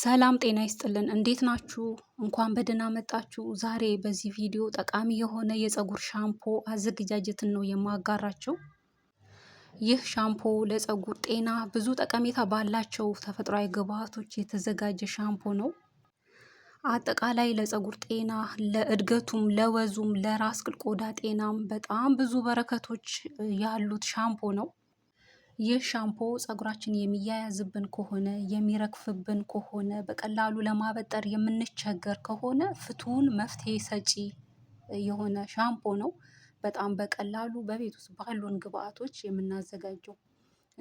ሰላም ጤና ይስጥልን። እንዴት ናችሁ? እንኳን በደህና መጣችሁ። ዛሬ በዚህ ቪዲዮ ጠቃሚ የሆነ የፀጉር ሻምፖ አዘገጃጀትን ነው የማጋራቸው። ይህ ሻምፖ ለፀጉር ጤና ብዙ ጠቀሜታ ባላቸው ተፈጥሯዊ ግብዓቶች የተዘጋጀ ሻምፖ ነው። አጠቃላይ ለፀጉር ጤና፣ ለእድገቱም፣ ለወዙም፣ ለራስ ቅል ቆዳ ጤናም በጣም ብዙ በረከቶች ያሉት ሻምፖ ነው። ይህ ሻምፖ ጸጉራችን የሚያያዝብን ከሆነ የሚረግፍብን ከሆነ በቀላሉ ለማበጠር የምንቸገር ከሆነ ፍቱን መፍትሄ ሰጪ የሆነ ሻምፖ ነው። በጣም በቀላሉ በቤት ውስጥ ባሉን ግብአቶች የምናዘጋጀው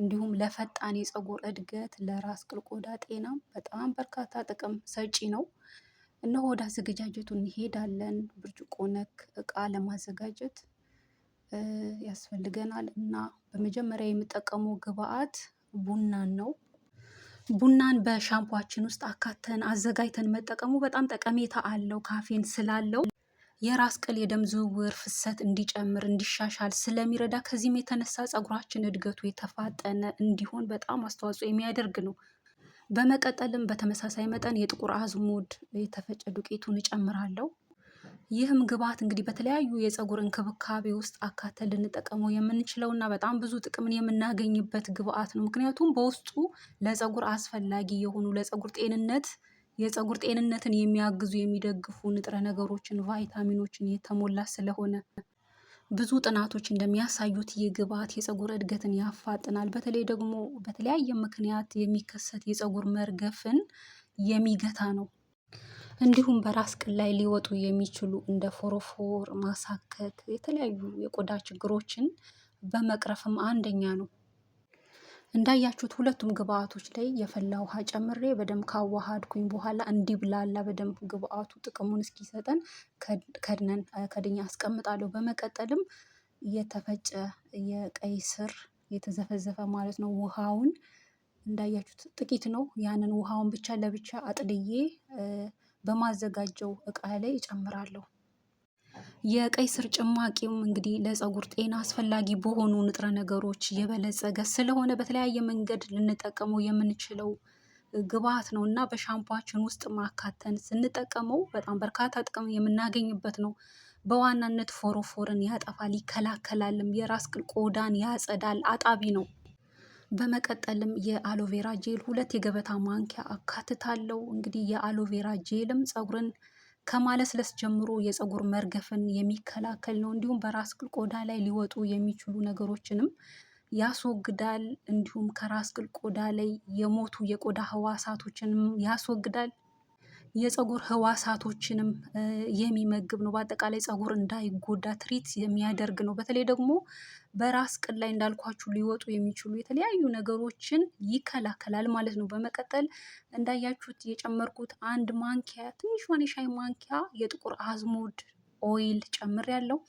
እንዲሁም ለፈጣን የፀጉር እድገት ለራስ ቅል ቆዳ ጤናም በጣም በርካታ ጥቅም ሰጪ ነው። እነሆ ወደ አዘገጃጀቱ እንሄዳለን። ብርጭቆ ነክ እቃ ለማዘጋጀት ያስፈልገናል እና በመጀመሪያ የምጠቀመው ግብአት ቡናን ነው። ቡናን በሻምፖችን ውስጥ አካተን አዘጋጅተን መጠቀሙ በጣም ጠቀሜታ አለው። ካፌን ስላለው የራስ ቅል የደም ዝውውር ፍሰት እንዲጨምር እንዲሻሻል ስለሚረዳ ከዚህም የተነሳ ፀጉራችን እድገቱ የተፋጠነ እንዲሆን በጣም አስተዋጽኦ የሚያደርግ ነው። በመቀጠልም በተመሳሳይ መጠን የጥቁር አዝሙድ የተፈጨ ዱቄቱን እጨምራለሁ ይህም ግብአት እንግዲህ በተለያዩ የፀጉር እንክብካቤ ውስጥ አካተን ልንጠቀመው የምንችለውና በጣም ብዙ ጥቅምን የምናገኝበት ግብአት ነው። ምክንያቱም በውስጡ ለፀጉር አስፈላጊ የሆኑ ለፀጉር ጤንነት የፀጉር ጤንነትን የሚያግዙ የሚደግፉ ንጥረ ነገሮችን፣ ቫይታሚኖችን የተሞላ ስለሆነ ብዙ ጥናቶች እንደሚያሳዩት የግብአት የፀጉር እድገትን ያፋጥናል። በተለይ ደግሞ በተለያየ ምክንያት የሚከሰት የፀጉር መርገፍን የሚገታ ነው። እንዲሁም በራስ ቅል ላይ ሊወጡ የሚችሉ እንደ ፎሮፎር፣ ማሳከክ የተለያዩ የቆዳ ችግሮችን በመቅረፍም አንደኛ ነው። እንዳያችሁት ሁለቱም ግብአቶች ላይ የፈላ ውሃ ጨምሬ በደንብ ካዋሃድኩኝ በኋላ እንዲብላላ በደንብ ግብአቱ ጥቅሙን እስኪሰጠን ከድነን ከድኛ አስቀምጣለሁ። በመቀጠልም የተፈጨ የቀይ ስር የተዘፈዘፈ ማለት ነው። ውሃውን እንዳያችሁት ጥቂት ነው። ያንን ውሃውን ብቻ ለብቻ አጥልዬ በማዘጋጀው እቃ ላይ እጨምራለሁ። የቀይ ስር ጭማቂም እንግዲህ ለፀጉር ጤና አስፈላጊ በሆኑ ንጥረ ነገሮች የበለጸገ ስለሆነ በተለያየ መንገድ ልንጠቀመው የምንችለው ግብዓት ነው እና በሻምፓችን ውስጥ ማካተን ስንጠቀመው በጣም በርካታ ጥቅም የምናገኝበት ነው። በዋናነት ፎሮፎርን ያጠፋል ይከላከላልም የራስ ቅል ቆዳን ያጸዳል አጣቢ ነው በመቀጠልም የአሎቬራ ጄል ሁለት የገበታ ማንኪያ አካትታለው። እንግዲህ የአሎቬራ ጄልም ፀጉርን ከማለስለስ ጀምሮ የፀጉር መርገፍን የሚከላከል ነው። እንዲሁም በራስ ቅል ቆዳ ላይ ሊወጡ የሚችሉ ነገሮችንም ያስወግዳል። እንዲሁም ከራስ ቅል ቆዳ ላይ የሞቱ የቆዳ ህዋሳቶችንም ያስወግዳል። የፀጉር ህዋሳቶችንም የሚመግብ ነው። በአጠቃላይ ፀጉር እንዳይጎዳ ትሪት የሚያደርግ ነው። በተለይ ደግሞ በራስ ቅል ላይ እንዳልኳችሁ ሊወጡ የሚችሉ የተለያዩ ነገሮችን ይከላከላል ማለት ነው። በመቀጠል እንዳያችሁት የጨመርኩት አንድ ማንኪያ ትንሿን የሻይ ማንኪያ የጥቁር አዝሙድ ኦይል ጨምሬያለሁ።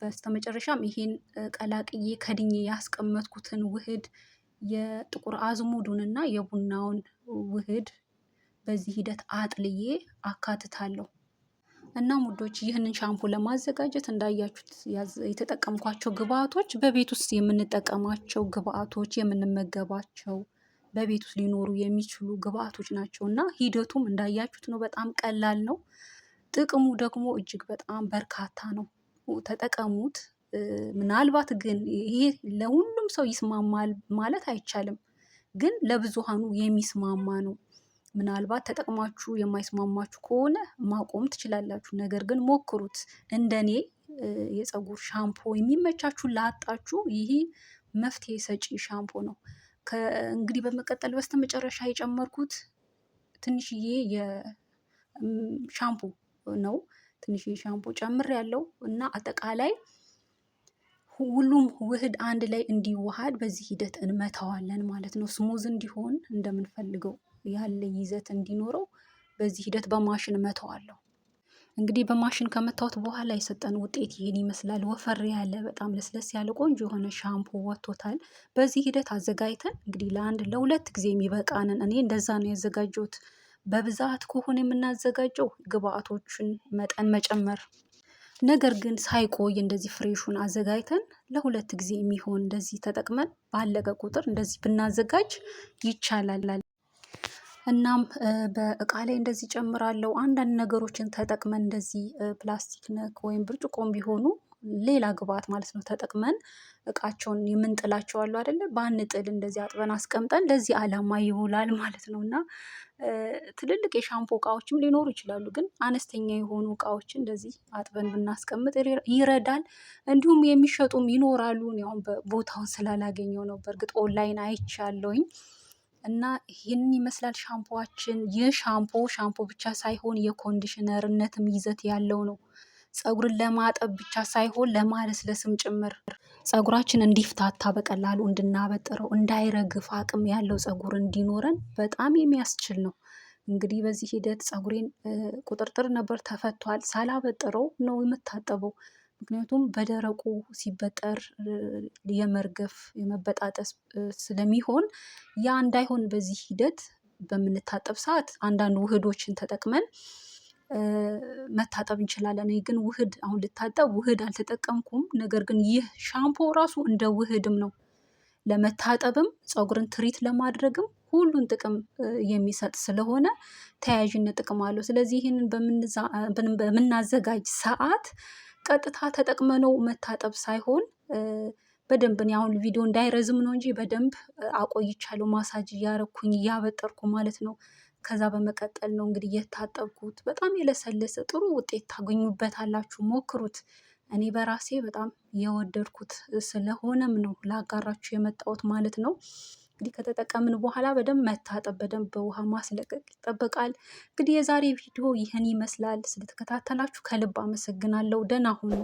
በስተመጨረሻም ይሄን ቀላቅዬ ከድኜ ያስቀመጥኩትን ውህድ የጥቁር አዝሙዱንና የቡናውን ውህድ በዚህ ሂደት አጥልዬ አካትታለሁ። እናም ሙዶች ይህንን ሻምፑ ለማዘጋጀት እንዳያችሁት የተጠቀምኳቸው ግብአቶች በቤት ውስጥ የምንጠቀማቸው ግብአቶች፣ የምንመገባቸው በቤት ውስጥ ሊኖሩ የሚችሉ ግብአቶች ናቸው እና ሂደቱም እንዳያችሁት ነው። በጣም ቀላል ነው። ጥቅሙ ደግሞ እጅግ በጣም በርካታ ነው። ተጠቀሙት። ምናልባት ግን ይሄ ለሁሉም ሰው ይስማማል ማለት አይቻልም፣ ግን ለብዙሃኑ የሚስማማ ነው። ምናልባት ተጠቅማችሁ የማይስማማችሁ ከሆነ ማቆም ትችላላችሁ። ነገር ግን ሞክሩት። እንደኔ የፀጉር ሻምፖ የሚመቻችሁ ላጣችሁ ይህ መፍትሄ ሰጪ ሻምፖ ነው። እንግዲህ በመቀጠል በስተመጨረሻ የጨመርኩት ትንሽዬ የሻምፖ ነው። ትንሽዬ ሻምፖ ጨምር ያለው እና አጠቃላይ ሁሉም ውህድ አንድ ላይ እንዲዋሃድ በዚህ ሂደት እንመታዋለን ማለት ነው። ስሙዝ እንዲሆን እንደምንፈልገው ያለ ይዘት እንዲኖረው በዚህ ሂደት በማሽን እመተዋለሁ። እንግዲህ በማሽን ከመታወት በኋላ የሰጠን ውጤት ይህን ይመስላል። ወፈር ያለ በጣም ለስለስ ያለ ቆንጆ የሆነ ሻምፖ ወጥቶታል። በዚህ ሂደት አዘጋጅተን እንግዲህ ለአንድ ለሁለት ጊዜ የሚበቃንን እኔ እንደዛ ነው ያዘጋጀሁት። በብዛት ከሆነ የምናዘጋጀው ግብአቶችን መጠን መጨመር ነገር ግን ሳይቆይ እንደዚህ ፍሬሹን አዘጋጅተን ለሁለት ጊዜ የሚሆን እንደዚህ ተጠቅመን ባለቀ ቁጥር እንደዚህ ብናዘጋጅ ይቻላል። እናም በእቃ ላይ እንደዚህ ጨምራለሁ። አንዳንድ ነገሮችን ተጠቅመን እንደዚህ ፕላስቲክ ነክ ወይም ብርጭቆም ቢሆኑ ሌላ ግብአት ማለት ነው ተጠቅመን እቃቸውን የምንጥላቸው አሉ አይደለ? ጥል እንደዚህ አጥበን አስቀምጠን ለዚህ ዓላማ ይውላል ማለት ነው። እና ትልልቅ የሻምፖ እቃዎችም ሊኖሩ ይችላሉ፣ ግን አነስተኛ የሆኑ እቃዎችን እንደዚህ አጥበን ብናስቀምጥ ይረዳል። እንዲሁም የሚሸጡም ይኖራሉ። እኔ አሁን ቦታውን ስላላገኘው ነው፣ በእርግጥ ኦንላይን አይቻለውኝ። እና ይህንን ይመስላል ሻምፖዋችን። ይህ ሻምፖ ሻምፖ ብቻ ሳይሆን የኮንዲሽነርነትም ይዘት ያለው ነው። ፀጉርን ለማጠብ ብቻ ሳይሆን ለማለስለስም ጭምር ጸጉራችን እንዲፍታታ በቀላሉ እንድናበጥረው እንዳይረግፍ አቅም ያለው ፀጉር እንዲኖረን በጣም የሚያስችል ነው። እንግዲህ በዚህ ሂደት ፀጉሬን ቁጥርጥር ነበር ተፈቷል። ሳላበጥረው ነው የምታጠበው። ምክንያቱም በደረቁ ሲበጠር የመርገፍ የመበጣጠስ ስለሚሆን ያ እንዳይሆን በዚህ ሂደት በምንታጠብ ሰዓት አንዳንድ ውህዶችን ተጠቅመን መታጠብ እንችላለን። እኔ ግን ውህድ አሁን ልታጠብ ውህድ አልተጠቀምኩም። ነገር ግን ይህ ሻምፖ ራሱ እንደ ውህድም ነው ለመታጠብም ፀጉርን ትሪት ለማድረግም ሁሉን ጥቅም የሚሰጥ ስለሆነ ተያያዥነት ጥቅም አለው። ስለዚህ ይህንን በምናዘጋጅ ሰዓት ቀጥታ ተጠቅመነው መታጠብ ሳይሆን በደንብ እኔ አሁን ቪዲዮ እንዳይረዝም ነው እንጂ በደንብ አቆይቻለሁ። ማሳጅ እያረኩኝ እያበጠርኩ ማለት ነው። ከዛ በመቀጠል ነው እንግዲህ እየታጠብኩት። በጣም የለሰለሰ ጥሩ ውጤት ታገኙበታላችሁ። ሞክሩት። እኔ በራሴ በጣም የወደድኩት ስለሆነም ነው ላጋራችሁ የመጣሁት ማለት ነው። እንግዲህ ከተጠቀምን በኋላ በደንብ መታጠብ በደንብ በውሃ ማስለቀቅ ይጠበቃል። እንግዲህ የዛሬ ቪዲዮ ይህን ይመስላል። ስለተከታተላችሁ ከልብ አመሰግናለሁ። ደህና ሁኑ።